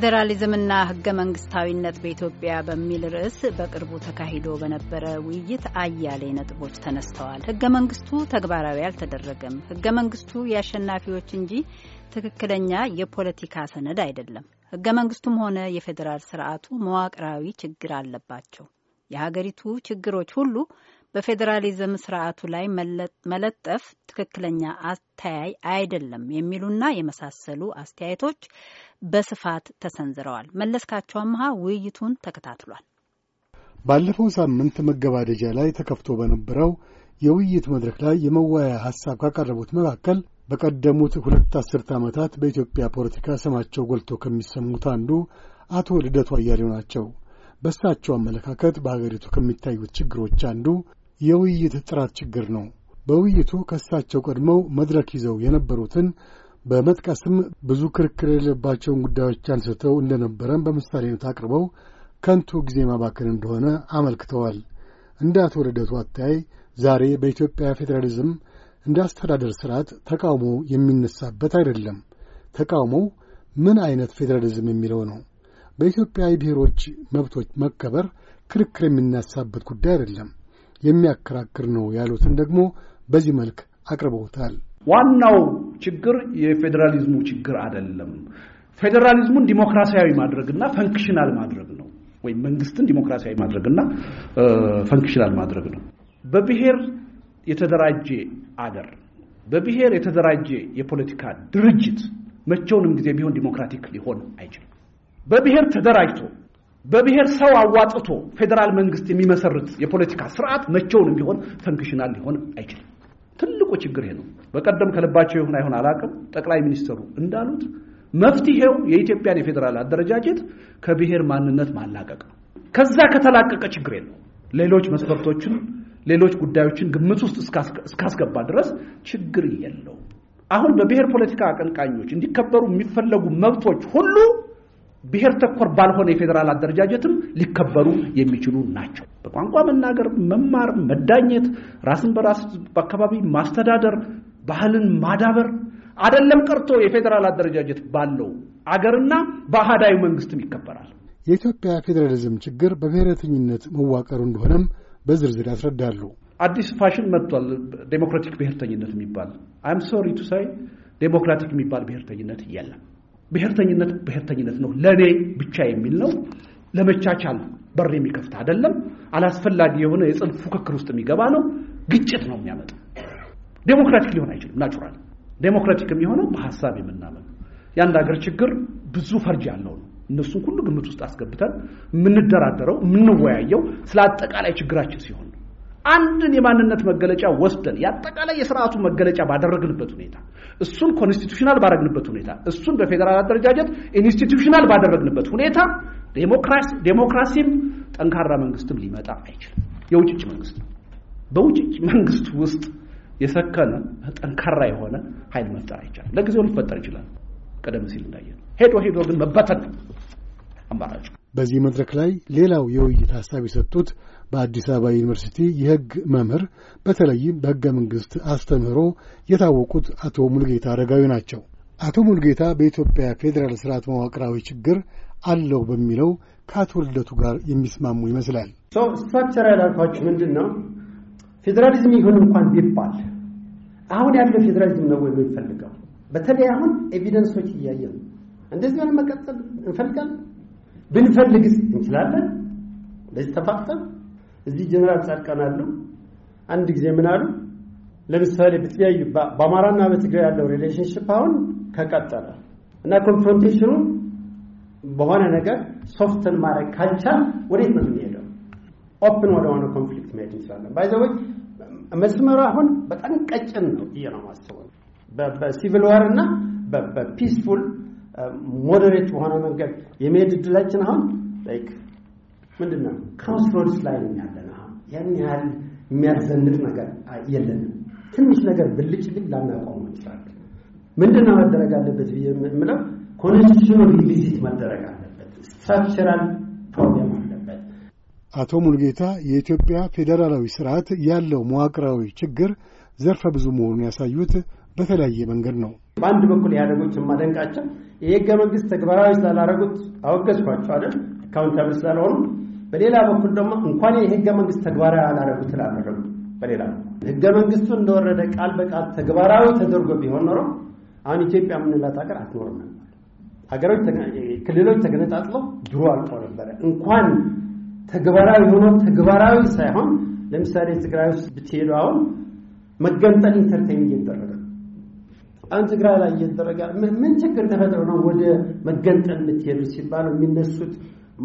ፌዴራሊዝምና ህገ መንግስታዊነት በኢትዮጵያ በሚል ርዕስ በቅርቡ ተካሂዶ በነበረ ውይይት አያሌ ነጥቦች ተነስተዋል። ህገ መንግስቱ ተግባራዊ አልተደረገም፣ ህገ መንግስቱ የአሸናፊዎች እንጂ ትክክለኛ የፖለቲካ ሰነድ አይደለም፣ ህገ መንግስቱም ሆነ የፌዴራል ስርዓቱ መዋቅራዊ ችግር አለባቸው፣ የሀገሪቱ ችግሮች ሁሉ በፌዴራሊዝም ስርዓቱ ላይ መለጠፍ ትክክለኛ አስተያይ አይደለም የሚሉና የመሳሰሉ አስተያየቶች በስፋት ተሰንዝረዋል። መለስካቸው አምሃ ውይይቱን ተከታትሏል። ባለፈው ሳምንት መገባደጃ ላይ ተከፍቶ በነበረው የውይይት መድረክ ላይ የመወያያ ሐሳብ ካቀረቡት መካከል በቀደሙት ሁለት አስርት ዓመታት በኢትዮጵያ ፖለቲካ ስማቸው ጎልቶ ከሚሰሙት አንዱ አቶ ልደቱ አያሌው ናቸው። በእሳቸው አመለካከት በሀገሪቱ ከሚታዩት ችግሮች አንዱ የውይይት ጥራት ችግር ነው። በውይይቱ ከእሳቸው ቀድመው መድረክ ይዘው የነበሩትን በመጥቀስም ብዙ ክርክር የሌለባቸውን ጉዳዮች አንስተው እንደነበረም በምሳሌነት አቅርበው ከንቱ ጊዜ ማባከን እንደሆነ አመልክተዋል። እንደ አቶ ልደቱ አታይ ዛሬ በኢትዮጵያ ፌዴራሊዝም እንደ አስተዳደር ስርዓት ተቃውሞ የሚነሳበት አይደለም። ተቃውሞው ምን አይነት ፌዴራሊዝም የሚለው ነው። በኢትዮጵያ የብሔሮች መብቶች መከበር ክርክር የሚነሳበት ጉዳይ አይደለም። የሚያከራክር ነው ያሉትን ደግሞ በዚህ መልክ አቅርበውታል። ዋናው ችግር የፌዴራሊዝሙ ችግር አይደለም። ፌዴራሊዝሙን ዲሞክራሲያዊ ማድረግና ፈንክሽናል ማድረግ ነው ወይም መንግስትን ዲሞክራሲያዊ ማድረግና ፈንክሽናል ማድረግ ነው። በብሔር የተደራጀ አደር በብሔር የተደራጀ የፖለቲካ ድርጅት መቼውንም ጊዜ ቢሆን ዲሞክራቲክ ሊሆን አይችልም። በብሔር ተደራጅቶ በብሔር ሰው አዋጥቶ ፌዴራል መንግስት የሚመሰርት የፖለቲካ ስርዓት መቼውንም ቢሆን ፈንክሽናል ሊሆን አይችልም። ትልቁ ችግር ይሄ ነው። በቀደም ከልባቸው ይሁን አይሆን አላውቅም፣ ጠቅላይ ሚኒስትሩ እንዳሉት መፍትሄው የኢትዮጵያን የፌዴራል አደረጃጀት ከብሔር ማንነት ማላቀቅ ነው። ከዛ ከተላቀቀ ችግር የለው። ሌሎች መስፈርቶችን፣ ሌሎች ጉዳዮችን ግምት ውስጥ እስካስገባ ድረስ ችግር የለው። አሁን በብሔር ፖለቲካ አቀንቃኞች እንዲከበሩ የሚፈለጉ መብቶች ሁሉ ብሔር ተኮር ባልሆነ የፌዴራል አደረጃጀትም ሊከበሩ የሚችሉ ናቸው። በቋንቋ መናገር፣ መማር፣ መዳኘት፣ ራስን በራስ በአካባቢ ማስተዳደር፣ ባህልን ማዳበር አደለም ቀርቶ የፌዴራል አደረጃጀት ባለው አገርና በአህዳዊ መንግስትም ይከበራል። የኢትዮጵያ ፌዴራሊዝም ችግር በብሔረተኝነት መዋቀሩ እንደሆነም በዝርዝር ያስረዳሉ። አዲስ ፋሽን መጥቷል። ዴሞክራቲክ ብሔርተኝነት የሚባል አይም ሶሪ ቱ ሳይ ዴሞክራቲክ የሚባል ብሔርተኝነት የለም። ብሔርተኝነት ብሔርተኝነት ነው ለእኔ ብቻ የሚል ነው። ለመቻቻል በር የሚከፍት አይደለም። አላስፈላጊ የሆነ የጽንፍ ፉክክር ውስጥ የሚገባ ነው። ግጭት ነው የሚያመጣ። ዴሞክራቲክ ሊሆን አይችልም። ናቹራል ዴሞክራቲክ የሚሆነው በሀሳብ የምናመን የአንድ ሀገር ችግር ብዙ ፈርጅ ያለው ነው። እነሱን ሁሉ ግምት ውስጥ አስገብተን የምንደራደረው የምንወያየው ስለ አጠቃላይ ችግራችን ሲሆን አንድን የማንነት መገለጫ ወስደን የአጠቃላይ የስርዓቱ መገለጫ ባደረግንበት ሁኔታ እሱን ኮንስቲቱሽናል ባደረግንበት ሁኔታ እሱን በፌዴራል አደረጃጀት ኢንስቲቱሽናል ባደረግንበት ሁኔታ ዴሞክራሲም ጠንካራ መንግስትም ሊመጣ አይችልም። የውጭጭ መንግስት ነው። በውጭጭ መንግስት ውስጥ የሰከነ ጠንካራ የሆነ ኃይል መፍጠር አይቻልም። ለጊዜው ሊፈጠር ይችላል፣ ቀደም ሲል እንዳየ ሄዶ ሄዶ ግን መበተን ነው አማራጭ። በዚህ መድረክ ላይ ሌላው የውይይት ሐሳብ የሰጡት በአዲስ አበባ ዩኒቨርሲቲ የሕግ መምህር በተለይም በሕገ መንግሥት አስተምህሮ የታወቁት አቶ ሙልጌታ አረጋዊ ናቸው። አቶ ሙልጌታ በኢትዮጵያ ፌዴራል ስርዓት መዋቅራዊ ችግር አለው በሚለው ከአቶ ልደቱ ጋር የሚስማሙ ይመስላል። ሰው ስትራክቸር ያላልኳችሁ ምንድን ነው? ፌዴራሊዝም ይሁን እንኳን ቢባል አሁን ያለው ፌዴራሊዝም ነው የሚፈልገው። በተለይ አሁን ኤቪደንሶች እያየ ነው። እንደዚህ ሆነ መቀጠል እንፈልጋለን ብንፈልግስ እንችላለን። ለዚህ ተፋፍተን እዚህ ጀነራል ጻድቃን አሉ። አንድ ጊዜ ምን አሉ? ለምሳሌ በተለያዩ በአማራና በትግራይ ያለው ሪሌሽንሽፕ አሁን ከቀጠለ እና ኮንፍሮንቴሽኑ በሆነ ነገር ሶፍትን ማድረግ ካልቻል ወዴት ነው የምንሄደው? ኦፕን ወደሆነ ኮንፍሊክት መሄድ እንችላለን። ባይዘወይ መስመሩ አሁን በጣም ቀጭን ነው ብዬ ነው የማስበው በሲቪል ዋር እና በፒስፉል ሞዴሬት በሆነ መንገድ የመሄድ እድላችን አሁን ላይክ ምንድን ነው ክሮስ ሮድስ ላይ ነው ያለን። አሁን ያን ያህል የሚያዘንጥ ነገር የለንም። ትንሽ ነገር ብልጭ ልጭ ላናቆም እንችላለን። ምንድን ነው መደረግ አለበት ብዬ የምለው ኮንስቲቱሽናል ሊሲት መደረግ አለበት። ስትራክቸራል ፕሮብሌም አለበት። አቶ ሙልጌታ የኢትዮጵያ ፌዴራላዊ ስርዓት ያለው መዋቅራዊ ችግር ዘርፈ ብዙ መሆኑን ያሳዩት በተለያየ መንገድ ነው። በአንድ በኩል ኢህአደጎች የማደንቃቸው የህገ መንግስት ተግባራዊ ስላላረጉት አወገዝኳቸው አይደል አካውንታብል ስላልሆኑ፣ በሌላ በኩል ደግሞ እንኳን የህገ መንግስት ተግባራዊ አላረጉት ስላላረጉ በሌላ ህገ መንግስቱ እንደወረደ ቃል በቃል ተግባራዊ ተደርጎ ቢሆን ኖሮ አሁን ኢትዮጵያ የምንላት ሀገር አትኖርም ነበር። ሀገሮች ክልሎች ተገነጣጥለው ድሮ አልቀው ነበረ። እንኳን ተግባራዊ ሆኖ ተግባራዊ ሳይሆን ለምሳሌ ትግራይ ውስጥ ብትሄዱ አሁን መገንጠል ኢንተርቴን እየተደረገ አሁን ትግራይ ላይ እየተደረገ ምን ችግር ተፈጥሮ ነው ወደ መገንጠል የምትሄዱ ሲባል የሚነሱት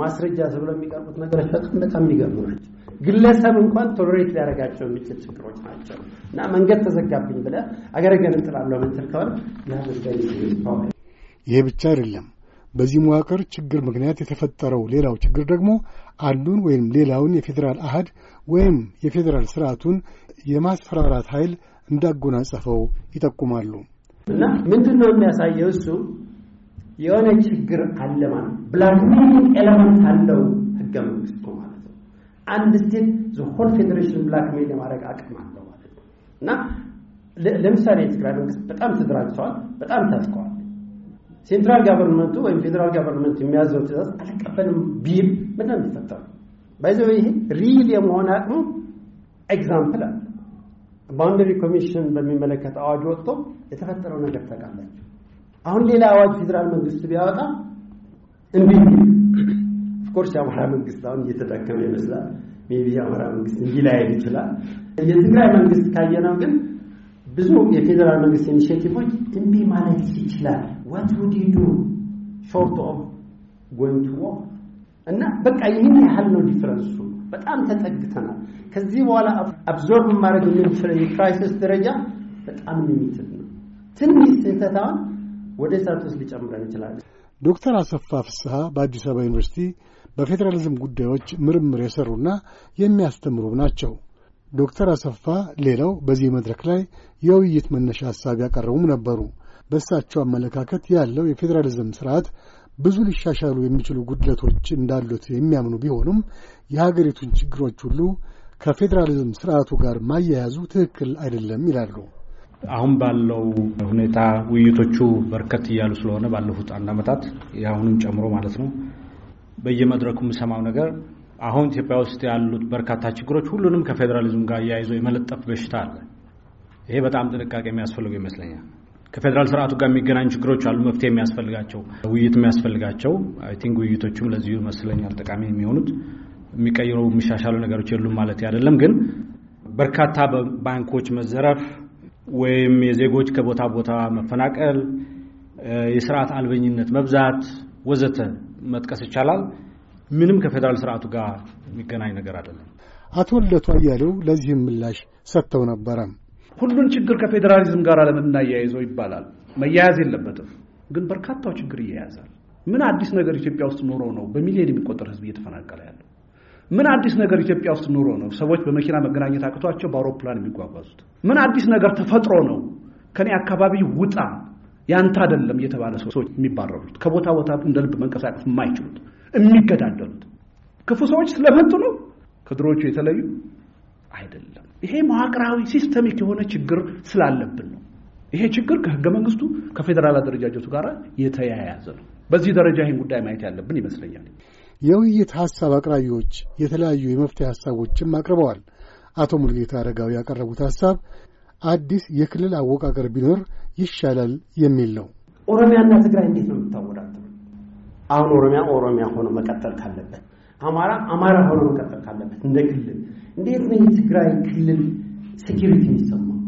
ማስረጃ ተብለው የሚቀርቡት ነገሮች በጣም በጣም የሚገርሙ ናቸው። ግለሰብ እንኳን ቶሎሬት ሊያደርጋቸው የሚችል ችግሮች ናቸው እና መንገድ ተዘጋብኝ ብለህ አገረ ገንጥላለሁ ምንትል ከሆነ ይህ ብቻ አይደለም። በዚህ መዋቅር ችግር ምክንያት የተፈጠረው ሌላው ችግር ደግሞ አንዱን ወይም ሌላውን የፌዴራል አህድ ወይም የፌዴራል ስርዓቱን የማስፈራራት ኃይል እንዳጎናጸፈው ይጠቁማሉ። እና ምንድን ነው የሚያሳየው? እሱ የሆነ ችግር አለ ማለት ብላክ ሚሊንግ ኤለመንት አለው ህገ መንግስቱ ማለት ነው። አንድ ስቴት ሆል ፌዴሬሽን ብላክ ሜል የማድረግ አቅም አለው ማለት ነው እና ለምሳሌ የትግራይ መንግስት በጣም ተደራጅተዋል፣ በጣም ታጥቀዋል። ሴንትራል ጋቨርንመንቱ ወይም ፌዴራል ጋቨርንመንት የሚያዘው ትእዛዝ አልቀበልም ቢል ምንድን ነው ባይዘ ይሄ ሪል የመሆን አቅሙ ኤግዛምፕል አለ ባውንደሪ ኮሚሽን በሚመለከት አዋጅ ወጥቶ የተፈጠረው ነገር ታውቃላችሁ። አሁን ሌላ አዋጅ ፌዴራል መንግስት ቢያወጣ እንዲህ ኦፍኮርስ የአማራ መንግስት አሁን እየተዳከመ ይመስላል። ሜቢ የአማራ መንግስት እንዲህ ላይ ይችላል። የትግራይ መንግስት ካየነው ግን ብዙ የፌዴራል መንግስት ኢኒሽቲቮች እምቢ ማለት ይችላል። ዋት ውድ ዩ ዱ ሾርት ኦፍ ጎይንግ ቱ ዎር እና በቃ ይህን ያህል ነው ዲፈረንሱ። በጣም ተጠግተናል። ከዚህ በኋላ አብዞርብ ማድረግ የምንችለው የክራይሲስ ደረጃ በጣም ሊሚትድ ነው። ትንሽ ስህተታውን ወደ እሳት ውስጥ ሊጨምረን ይችላል። ዶክተር አሰፋ ፍስሐ በአዲስ አበባ ዩኒቨርሲቲ በፌዴራሊዝም ጉዳዮች ምርምር የሰሩና የሚያስተምሩ ናቸው። ዶክተር አሰፋ ሌላው በዚህ መድረክ ላይ የውይይት መነሻ ሀሳብ ያቀረቡም ነበሩ። በእሳቸው አመለካከት ያለው የፌዴራሊዝም ስርዓት ብዙ ሊሻሻሉ የሚችሉ ጉድለቶች እንዳሉት የሚያምኑ ቢሆኑም የሀገሪቱን ችግሮች ሁሉ ከፌዴራሊዝም ስርዓቱ ጋር ማያያዙ ትክክል አይደለም ይላሉ። አሁን ባለው ሁኔታ ውይይቶቹ በርከት እያሉ ስለሆነ ባለፉት አንድ ዓመታት የአሁኑን ጨምሮ ማለት ነው በየመድረኩ የምሰማው ነገር አሁን ኢትዮጵያ ውስጥ ያሉት በርካታ ችግሮች ሁሉንም ከፌዴራሊዝም ጋር አያይዞ የመለጠፍ በሽታ አለ። ይሄ በጣም ጥንቃቄ የሚያስፈልገው ይመስለኛል። ከፌዴራል ስርዓቱ ጋር የሚገናኙ ችግሮች አሉ፣ መፍትሄ የሚያስፈልጋቸው ውይይት የሚያስፈልጋቸው አይ ቲንክ ውይይቶቹም ለዚሁ መስለኛል ጠቃሚ የሚሆኑት። የሚቀይሩ የሚሻሻሉ ነገሮች የሉም ማለት አይደለም፣ ግን በርካታ ባንኮች መዘረፍ ወይም የዜጎች ከቦታ ቦታ መፈናቀል፣ የስርዓት አልበኝነት መብዛት ወዘተ መጥቀስ ይቻላል። ምንም ከፌዴራል ስርዓቱ ጋር የሚገናኝ ነገር አይደለም። አቶ ልደቱ አያሌው ለዚህም ምላሽ ሰጥተው ነበረ። ሁሉን ችግር ከፌዴራሊዝም ጋር ለምናያይዘው ይባላል። መያያዝ የለበትም ግን በርካታው ችግር ይያያዛል። ምን አዲስ ነገር ኢትዮጵያ ውስጥ ኑሮ ነው በሚሊዮን የሚቆጠር ህዝብ እየተፈናቀለ ያለው? ምን አዲስ ነገር ኢትዮጵያ ውስጥ ኑሮ ነው ሰዎች በመኪና መገናኘት አቅቷቸው በአውሮፕላን የሚጓጓዙት? ምን አዲስ ነገር ተፈጥሮ ነው ከኔ አካባቢ ውጣ ያንተ አይደለም እየተባለ ሰዎች የሚባረሩት፣ ከቦታ ቦታ እንደ ልብ መንቀሳቀስ የማይችሉት፣ የሚገዳደሉት ክፉ ሰዎች ስለመጡ ነው። ከድሮቹ የተለዩ አይደለም። ይሄ መዋቅራዊ ሲስተሚክ የሆነ ችግር ስላለብን ነው። ይሄ ችግር ከህገ መንግስቱ ከፌዴራል አደረጃጀቱ ጋር የተያያዘ ነው። በዚህ ደረጃ ይህን ጉዳይ ማየት ያለብን ይመስለኛል። የውይይት ሀሳብ አቅራቢዎች የተለያዩ የመፍትሄ ሀሳቦችም አቅርበዋል። አቶ ሙልጌታ አረጋዊ ያቀረቡት ሀሳብ አዲስ የክልል አወቃቀር ቢኖር ይሻላል የሚል ነው። ኦሮሚያና ትግራይ እንዴት ነው የምታወዳት? አሁን ኦሮሚያ ኦሮሚያ ሆኖ መቀጠል ካለበት አማራ አማራ ሆኖ መቀጠል ካለበት እንደ ክልል እንዴት ነው የትግራይ ክልል ሴኪሪቲ የሚሰማው?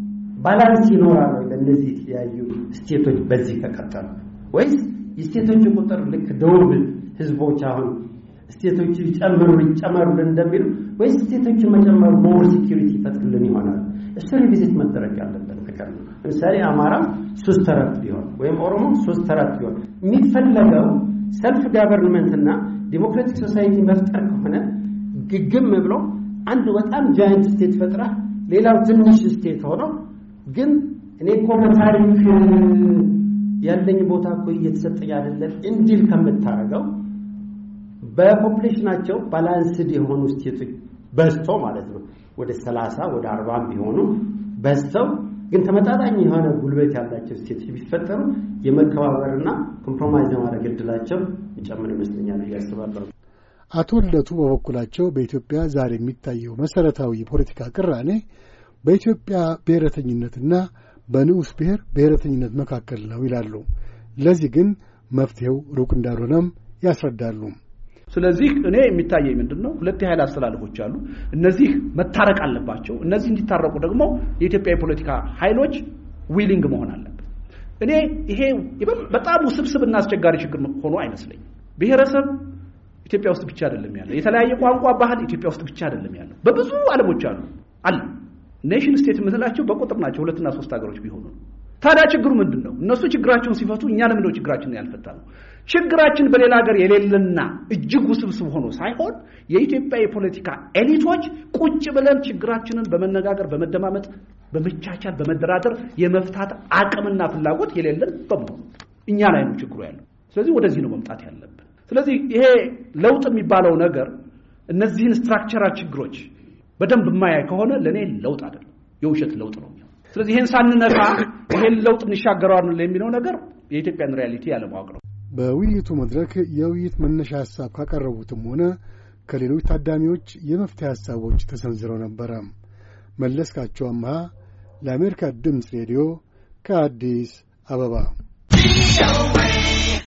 ባላንስ ይኖራል ወይ በእነዚህ የተለያዩ ስቴቶች በዚህ ከቀጠሉ? ወይስ የስቴቶች ቁጥር ልክ ደቡብ ህዝቦች አሁን ስቴቶቹ ይጨምሩ ይጨመሩልን እንደሚሉ ወይስ ስቴቶች መጨመሩ ሞር ሴኪሪቲ ይፈጥርልን ይሆናል? እሱ ሪቪዚት መደረግ ያለበት ነገር ነው። ለምሳሌ አማራ ሶስት ተረት ቢሆን ወይም ኦሮሞ ሶስት ተረት ቢሆን የሚፈለገው ሰልፍ ጋቨርንመንት እና ዲሞክራቲክ ሶሳይቲ መፍጠር ከሆነ ግግም ብሎ አንድ በጣም ጃይንት ስቴት ፈጥራ ሌላው ትንሽ ስቴት ሆኖ ግን እኔ እኮ በታሪክ ያለኝ ቦታ እኮ እየተሰጠኝ አይደለም እንዲል ከምታረገው በፖፕሌሽናቸው ባላንስድ የሆኑ ስቴቶች በዝቶ ማለት ነው ወደ ሰላሳ ወደ አርባም ቢሆኑ በዝተው ግን ተመጣጣኝ የሆነ ጉልበት ያላቸው ሴቶች ቢፈጠሩ የመከባበርና ኮምፕሮማይዝ የማድረግ እድላቸው ይጨምር ይመስለኛል ብዬ አቶ ልደቱ በበኩላቸው በኢትዮጵያ ዛሬ የሚታየው መሰረታዊ የፖለቲካ ቅራኔ በኢትዮጵያ ብሔረተኝነትና በንዑስ ብሔር ብሔረተኝነት መካከል ነው ይላሉ። ለዚህ ግን መፍትሄው ሩቅ እንዳልሆነም ያስረዳሉ። ስለዚህ እኔ የሚታየኝ ምንድን ነው? ሁለት የኃይል አስተላልፎች አሉ። እነዚህ መታረቅ አለባቸው። እነዚህ እንዲታረቁ ደግሞ የኢትዮጵያ የፖለቲካ ኃይሎች ዊሊንግ መሆን አለበት። እኔ ይሄ በጣም ውስብስብና አስቸጋሪ ችግር ሆኖ አይመስለኝም። ብሔረሰብ ኢትዮጵያ ውስጥ ብቻ አይደለም ያለ፣ የተለያየ ቋንቋ፣ ባህል ኢትዮጵያ ውስጥ ብቻ አይደለም ያለው፣ በብዙ ዓለሞች አሉ አለ ኔሽን ስቴት የምትላቸው በቁጥር ናቸው። ሁለትና ሶስት ሀገሮች ቢሆኑ ታዲያ ችግሩ ምንድን ነው? እነሱ ችግራቸውን ሲፈቱ እኛ ነው ችግራችንን ያልፈታነው? ችግራችን በሌላ ሀገር የሌለና እጅግ ውስብስብ ሆኖ ሳይሆን የኢትዮጵያ የፖለቲካ ኤሊቶች ቁጭ ብለን ችግራችንን በመነጋገር በመደማመጥ፣ በመቻቻል፣ በመደራደር የመፍታት አቅምና ፍላጎት የሌለን በመሆኑ እኛ ላይ ነው ችግሩ ያለው። ስለዚህ ወደዚህ ነው መምጣት ያለብን። ስለዚህ ይሄ ለውጥ የሚባለው ነገር እነዚህን ስትራክቸራል ችግሮች በደንብ የማያይ ከሆነ ለእኔ ለውጥ አይደለም፣ የውሸት ለውጥ ነው። ስለዚህ ይህን ሳንነካ ይህን ለውጥ እንሻገረዋለን የሚለው ነገር የኢትዮጵያን ሪያሊቲ ያለማወቅ ነው። በውይይቱ መድረክ የውይይት መነሻ ሀሳብ ካቀረቡትም ሆነ ከሌሎች ታዳሚዎች የመፍትሄ ሀሳቦች ተሰንዝረው ነበረ። መለስካቸው አምሃ ለአሜሪካ ድምፅ ሬዲዮ ከአዲስ አበባ